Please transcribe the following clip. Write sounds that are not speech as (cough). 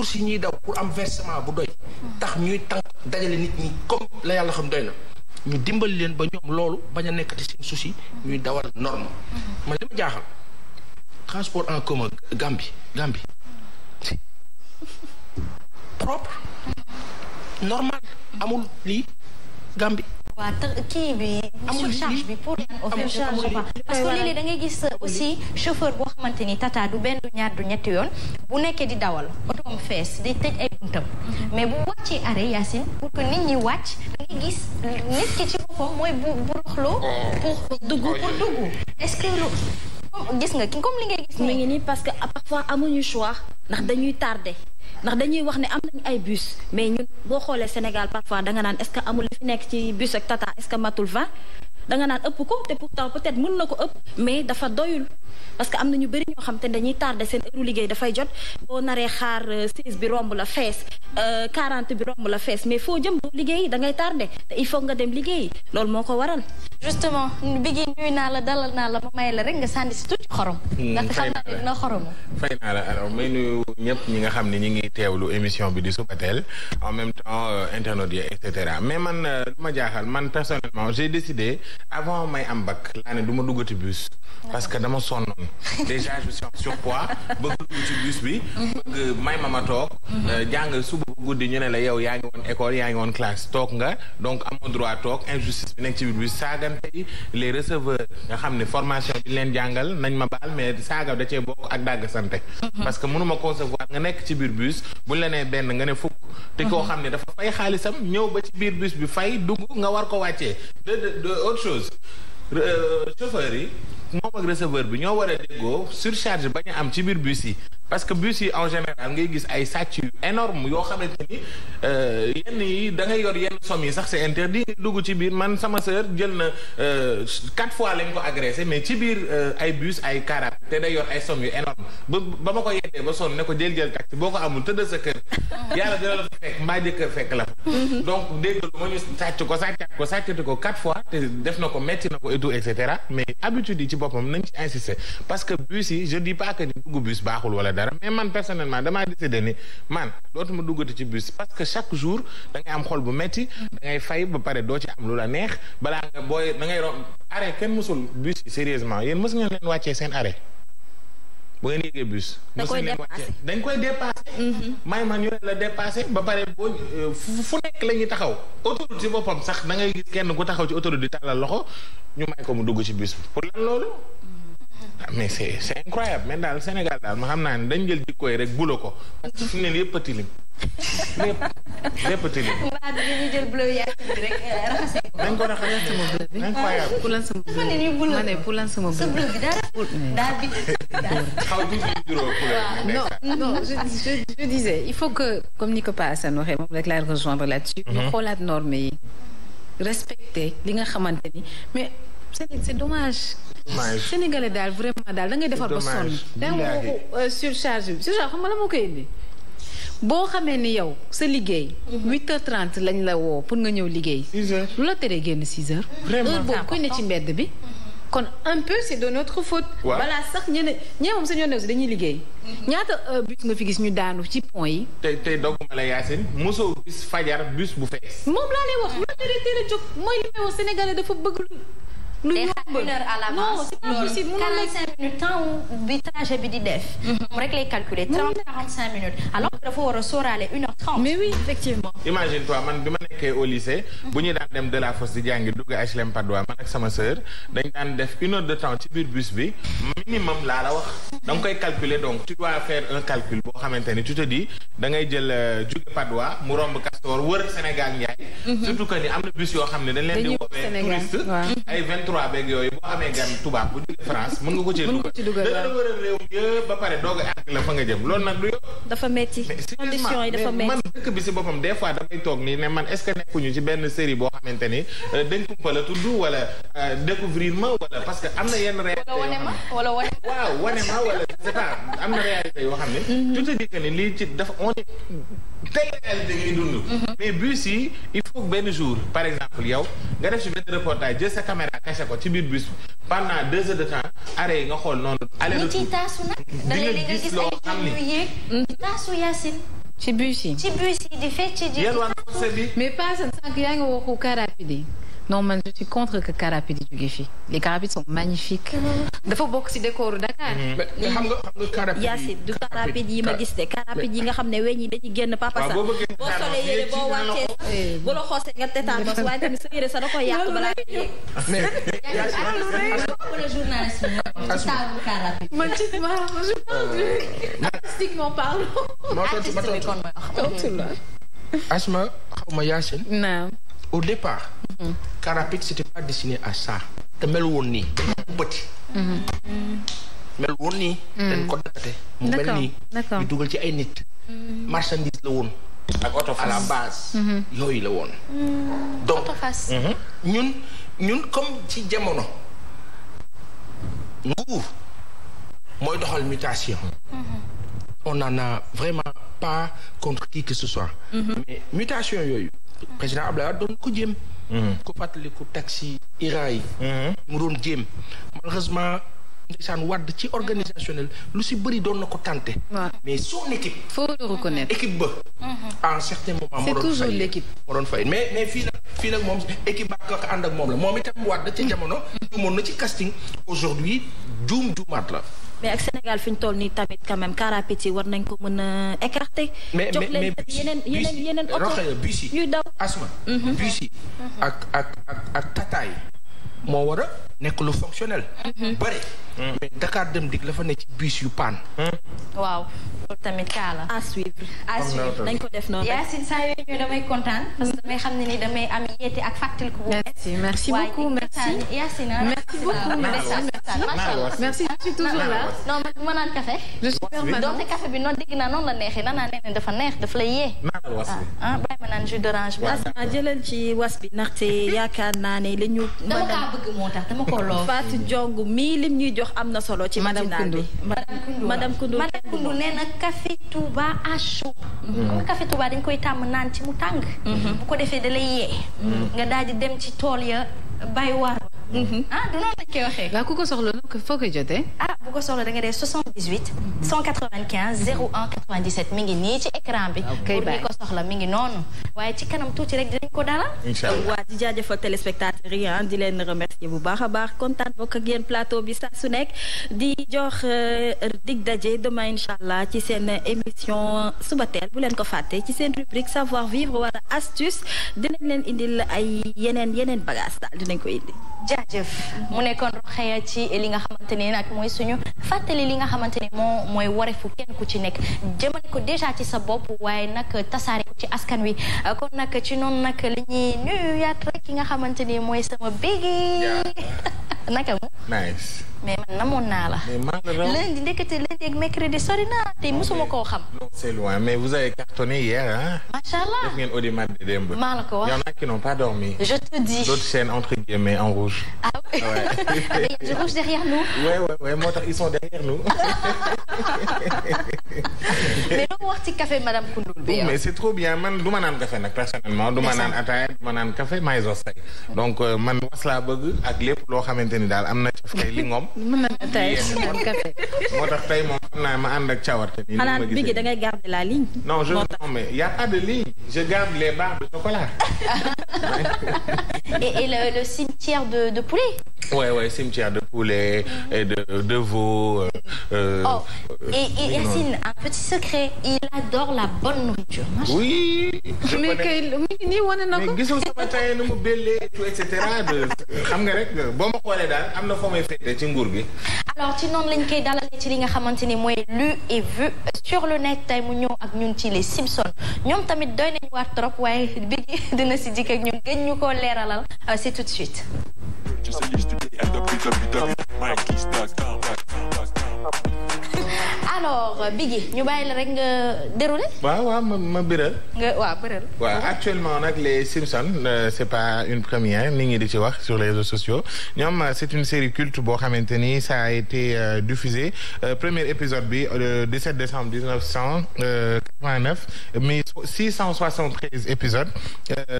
course yi ñuy daw pour am versement bu doy tax ñuy tànk dajale nit ñi comme la yàlla xam doy na ñu dimbali leen ba ñoom loolu bañ a nekkati seen souci ñuy dawal norme man li ma jaaxal en commun Gambie Gambie propre normal amul lii Gambie waaw kii bi surcharge bi pour overcharge ba parce que da ngay gis aussi chauffeur boo xamante ni tata du benn du ñetti yoon bu nekkee di dawal am fees day tëj ay buntam mhm. mais pour que nit ñi wàcc da ngay gis nit ki ci boppam mooy bu bu roxloo oh. pour dugg oh, pour dugg est lu gis nga comme li ngay gis. mi ngi nii parce que parfois amuñu choix ndax dañuy tardé ndax dañuy wax ni am nañu ay bus mais ñun boo xoolee Sénégal parfois danga naan est-ce que amul li fi nekk ci bus ak tata est que matul vingt danga naan ëpp ko te pourtant peut-être mën na ko ëpp mais dafa doyul. parce que am na ñu bëri ñoo xam te dañuy tardé seen heure liggéey dafay jot boo naree xaar 16 euh, bi romb la fees 40 euh, bi romb la fees mais foo jëm doo liggéey da ngay tardé te il faut nga dem liggéey loolu moo ko waral. justement bigi naa la may la rek nga sànni si tuuti xorom. Hmm, ndaxte xam naa ne dina xoromu. fay ñëpp ñi nga xam ne ñi ngi teewlu émission bi di Subatel en même temps euh, internautes yi et cetera mais man lu ma jaaxal man personnellement j'ai décidé avant may am bac laa ne du ma duggati bus. parce que dama sonn. économie déjà je suis en surpoids bëgg ci bus bi bëgg may ma ma toog euh, jàng suba guddi ñu ne la yow yaa ngi woon école yaa ngi woon classe toog nga donc amoo droit toog injustice bi nekk ci biir bi saagante yi les receveurs nga xam ne formation bi leen jàngal nañ ma baal mais saaga da cee bokk ak dàgg sante mhm. parce que mënuma concevoir nga nekk ci biir bus buñ la nee benn nga ne fukk te koo mhm. xam ne dafa fay xaalisam ñëw ba ci biir bus bi fay dugg nga war ko wàccee de de autre chose euh, yi moom ak receveur bi ñoo war a déggoo surcharge bañ a am ci biir bus parce que bus yi en général ngay gis ay sàcc yu énorme yoo xamante ni euh, yenn yi da ngay yor yenn somme yi sax c'est interdit nga dugg ci biir man sama sœur jël na euh, quatre fois lañ ko agressé mais ci biir euh, ay bus ay carab te day yor ay somme yu énorme ba ba ma ko yeddee ba sonn ne ko jël jël taxi boo ko amul tëdd sa kër (laughs) yàlla dina la fekk mbaa jëkkër fekk la fa mhm. donc dégg lu ma ñu sàcc ko sàccaat ko sàccati ko quatre fois te def na ko metti na ko et tout et cetera mais habitude yi ci boppam nañ ci insister parce que baaxul wala dara mais man personnellement damaa décidé ni man dootuma duggati ci bus parce que chaque jour da am xol bu metti da fay ba pare doo ci am lu la neex balaa nga booy da ngay rom arrêt kenn mosul bus yi sérieusement yéen mës ngeen leen wàccee seen arrêt bu ngeen yéegee bus. dañ koy dépassé dañ koy dépassé. Mhm. may man ñu la dépassé ba pare boo euh, fu nekk la ñuy taxaw autoroute ci boppam sax da ngay gis kenn ku taxaw ci autoroute di la loxo ñu may ko mu dugg ci bus pour mais c'est c'est incroyable mais daal Sénégal daal ma xam naa ne dañ jël jikkooy rek bulo ko su ne lépp a tilim lépp lépp a tilim. bulo yaa ngi rek eh, raxase ko. dañ ko raxase sama bulo incroyable. pour lan sama bulo ma ne pour lan sama bulo. daal bi xaw bi juróom non non je je je disais il faut que comme ni ko Pa Assane waxee moom rek laa mhm. yi respecter li nga xamante ni mais. c'est dommage. sénégalais daal vraiment daal da ngay defar ba sonn. daa waxu euh, surcharge bi xam nga moo koy indi. boo xamee ni yow sa liggéey. 8h30 mhm. lañ la woo pour nga ñëw liggéey. 6h lu la teree génn 6h. vraiment heure boobu kuy ne ci mbedd bi. Mhm. kon un peu c'est de notre faute. voilà sax ñeneen ñee moom sa ñoo neew dañuy liggéey. Mhm. ñaata euh, bus nga fi gis ñu daanu ci pont yi. te tey dogguma la Yacine mosoo bis fajar bus bu fees. moom laa lay wax lu la teree teel a mooy li may wax sénégalais dafa lu yóbbul non c'est pas possible quarante cinq minutes temps bi trajet bi di def. moom rek lay calculer trente cinq minutes alors que dafa war a sóoraale une heure mais oui imagine toi man bi ma nekkee au lycée. Mhm. bu ñu daan dem de la fosse di jàngi dugg HLM Padois man ak sama sœur dañ daan def une heure de temps ci biir bus bi minimum laa la wax. da koy calculer donc tu dois faire un calcul boo xamante ni tu te dis da ngay jël euh, jóge Padois mu romb Castor wër Sénégal Ndiaye. Mhm. surtout que ni am na yoo xam ne dañ leen trois beeg yooyu boo da nga war a réew yëpp ba pare a àgg la fa boo xamante ni euh, dañ ko la tudd wala euh, découvrir ma wala parce que am na yenn réalité yoo xam ne wala wane ma wala waaw wane ma wala yoo xam ne. tout à dit que ni lii ci dafa on est tey réalité ngay dund. Mhm. mais bus yi il faut benn jour par exemple yow nga def ci benn reportage jël sa caméra arrêté ci biir bus pendant deux heures de temps arrêt nga xool noonu. aller retour ci taasu nag. da ngay gis ay xale yu yéeg taasu Yacine. ci bus yi ci bus yi di fecc ji. mais pas sànq yaa ngi waxu car rapide non man je suis contre que car rapide yi jóge les car sont magnifiques. dafa bokk ci décor Dakar. Mm-hmm. mais mm-hmm. xam nga xam nga du car yi ma gis de car rapide yi nga xam ne weñ yi dañu génn papa sax. boo solee yére boo wàccee eh. bu la xoosee nga tétanos waaye tamit sa yére sax da ko yàq balaa nga yéeg. Ah, mais Asma xaw ma Yacine. naam. au départ. Carapit c'était pas destiné à ça. te mel woon nii. dañ ko defate mu mel nii. ñu dugal ci ay nit. marchandise la woon. ak autofas mhm. yooyu la woon. Mm. donc mhm. ñun comme ci jamono. nguur mooy doxal mutation. Mhm. on n'en a vraiment pas contre qui ce soit. mutation yooyu. président Abdoulaye Wade doon ko jéem. Mhm. ku fàttaliku taxi Iran yi. Mhm. mu doon jéem malheureusement. ndeysaan wàdd ci organisationnel lu si bëri doon na ko tenter. mais son équipe. faut le reconnaître équipe ba. Mhm. à un moment moo doon. c'est toujours l'équipe doon fay mais fii nag nag moom équipe ba moom la moom itam wàdd ci jamono. juumoon na ci casting aujourd'hui juum juumaat la. mais ak Sénégal fi ñu toll nii tamit quand même car rapide yi war nañ ko mën a écarter. mais mais mais yeneen yeneen yeneen ñuy daw asma. Mhm. bus ak ak ak moo war nekk lu fonctionnel. Mhm. bëri. Mhm. mais Dakar dem dik la fa ne ci bus yu paan. Mhm. waaw loolu tamit kaa la. à suivre à suivre dañ ko def noonu. Yacine saa yoo ñëw damay kontaan. parce que damay xam ne ni damay am yeete ak fàttali ko. merci ah. merci beaucoup merci Yacine merci beaucoup merci merci je suis toujours là. non man ma naan café. je suis permanent donc bi noonu dégg naa noonu la neexee na naa ne dafa neex dafa la yee. Ah, ah bàyyi ma naan jus d'orange. waaw ah, jëlal ci was bi ndaxte yaakaar naa ne li ñu. dama kaa bëgg moo tax dama Kolo Fatou Diong mii lim ñuy jox am na solo ci matinal bi madame Koundou madame Koundou nee na café Touba à chaud mm-hmm. am café Touba dañ koy tàmm naan ci mu tàng mm-hmm. bu ko defee dalay yee mm-hmm. nga daal di dem ci tool ya bay war ah du noonu lañ koy waxee waaw ku ko soxla nag foo koy jotee ah, bu ko soxla da nga dee 78 195 mi ngi nii ci écran bi pour ñi ko soxla mi ngi noonu waaye ci kanam tuuti rek dinañ ko dalal waa di jaajëfal téléspectateurs ah, di leen remercier bu baax a baax kontaan bokk ak yéen plateau bi saa su nekk di jox euh, dig daje demain incha allah ci seen émission suba teel bu leen ko fàtte ci seen rubrique savoir vivre wala astuce dinañ leen indil ay yeneen yeneen bagage daal dinañ ko indi jaajëf mu nekkoon roxeya ci li nga xamante ne nag mooy suñu fàttali li nga xamante ni moo mooy warefu kenn ku ci nekk jëmale ko déjà ci sa bopp waaye nag tasaare ko ci askan wi kon nag ci noonu nag li ñuy nuyu yaat rek ki nga xamante ni mooy sama bégi (laughs) naka mu mais man namoon naa la. la lundi ndekete lundi ak mercredi sori naa te mosuma koo xam. non c'est loin mais vous avez cartonné hier hein. macha allah def ngeen ko wax y en qui n'ont pas dormi. je te dis d'autres chaînes entre guillemets en rouge. ah oui je (laughs) ah rouge derrière nous. oui oui oui ils sont derrière nous. (laughs) mais loo wax ci café madame Koundoul bi. mais c'est trop bien man du ma naan café nag personnellement. du ma naan ataaya du donc euh, loo xamante ni daal am na mën na tey moo tax tey moom xam naa ma ànd ak cawarte nii. xanaa léegi da ngay garder la ligne. non je non mais y' a je garde les barres de (laughs) Et, et le, le, cimetière de, de poulet Ouais, ouais, cimetière de poulet et de, de veau. Euh, euh, oh. Et, et Yacine, un petit secret, il adore la bonne nourriture. oui, je mais connais. Que, mais wane na ko. mais gisul sama tay nu mu bellee et cetera de xam nga rek boo ma xoolee daal am na foo may féetee ci nguur gi. alors ci noonu lañ koy dalalee ci li nga xamante ni mooy lu et vu sur le net tay mu ñëw ak ñun ci les Simpsons ñoom tamit doy waar trop waaye bi (laughs) dina si jikk ak ñun gën ñu ko leeralal c'est euh, tout suite alors euh, Biggi ñu ma ma biral. nga waaw biral. nag les Simpsons euh, c'est pas une première nit ñi di ci wax sur les réseaux sociaux ñoom euh, une série culte boo xamante ni ça a été diffusé premier épisode bi le 17 décembre 1989 mais 673 épisodes.